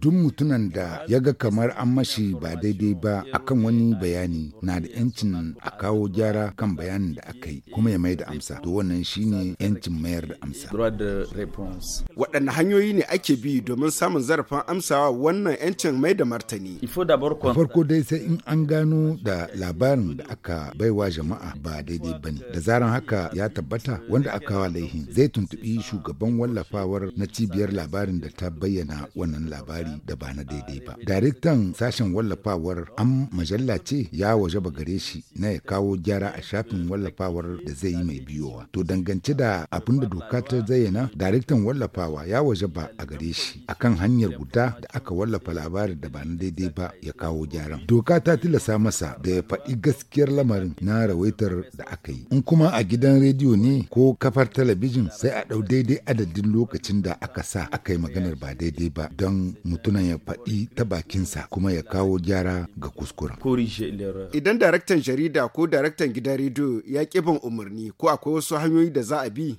duk mutumin da ya ga kamar an mashi ba daidai ba akan wani bayani na da yancin a kawo gyara kan bayanin da aka yi kuma ya mai da amsa to wannan shine yancin mayar da amsa waɗanne hanyoyi ne ake bi domin samun zarafin amsawa wannan yancin mai da martani farko dai sai in an gano da labarin da aka baiwa jama'a ba daidai ba ne da zaran haka ya tabbata wanda aka wa laihin zai tuntubi shugaban wallafawar na cibiyar labarin da ta bayyana wannan labari da ba na daidai ba daraktan sashen wallafawar an majalla ce ya waje ba gare shi na ya kawo gyara a shafin wallafawar da zai yi mai biyowa to dangance da abin da doka ta zayyana daraktan wallafawa ya waje ba a gare shi akan hanyar guda da aka wallafa labarin da ba na daidai ba ya kawo gyaran doka ta tilasa masa da ya faɗi gaskiyar lamarin na rawaitar da aka yi in kuma a gidan rediyo ne ko kafar talabijin sai a ɗau daidai adadin lokacin da aka sa aka yi maganar ba daidai ba don mutunan ya faɗi ta bakinsa kuma ya kawo gyara ga kuskuren. Idan daraktan jarida ko daraktan gidan rediyo ya ƙi bin umarni ko akwai wasu hanyoyi da za a bi?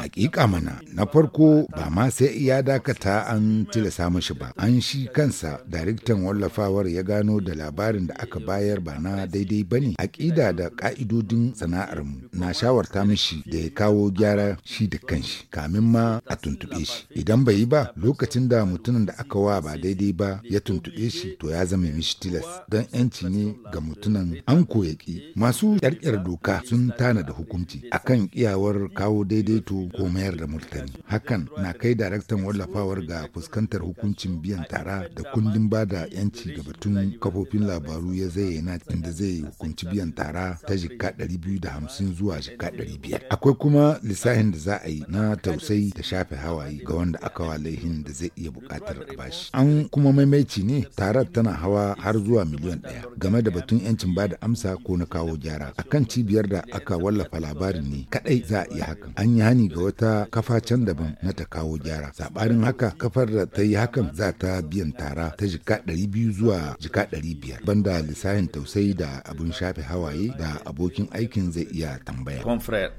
Hakika mana na farko ba ma sai iya dakata an tilasa mashi ba an shi kansa daraktan wallafawar ya gano da labarin da aka bayar ba na daidai ba ne aƙida da ƙa'idodin sana'armu na shawarta mishi da ya kawo gyara shi da kanshi kamin ma a tuntuɓe shi idan bai yi ba lokacin da mutumin da aka wa ba daidai ba ya tuntuɓe shi to ya zama mishi tilas don yanci ne ga mutunan an koyaƙi masu ƙyarƙyar doka sun tana da hukunci akan iyawar kawo daidaito ko mayar da murtani hakan na kai daraktan wallafawar ga fuskantar hukuncin biyan tara da kundin ba da yanci ga batun kafofin labaru ya zayyana inda zai hukunci biyan tara ta jikka hamsin zuwa jikka 500 akwai kuma lissahin da za a yi na tausayi da shafe hawaye ga wanda aka wa laihin da zai iya buƙatar a bashi an kuma maimaici ne tarar tana hawa har zuwa miliyan ɗaya game da batun yancin ba da amsa ko na kawo gyara a kan cibiyar da aka wallafa labarin ne kadai za a iya hakan an yi hani ga wata kafa can daban na ta kawo gyara sabarin haka kafar da ta yi hakan za ta biyan tara ta jika ɗari biyu zuwa jika ɗari biyar banda lissafin tausayi da abun shafe hawaye da abokin aikin zai iya tambaya. Confrère.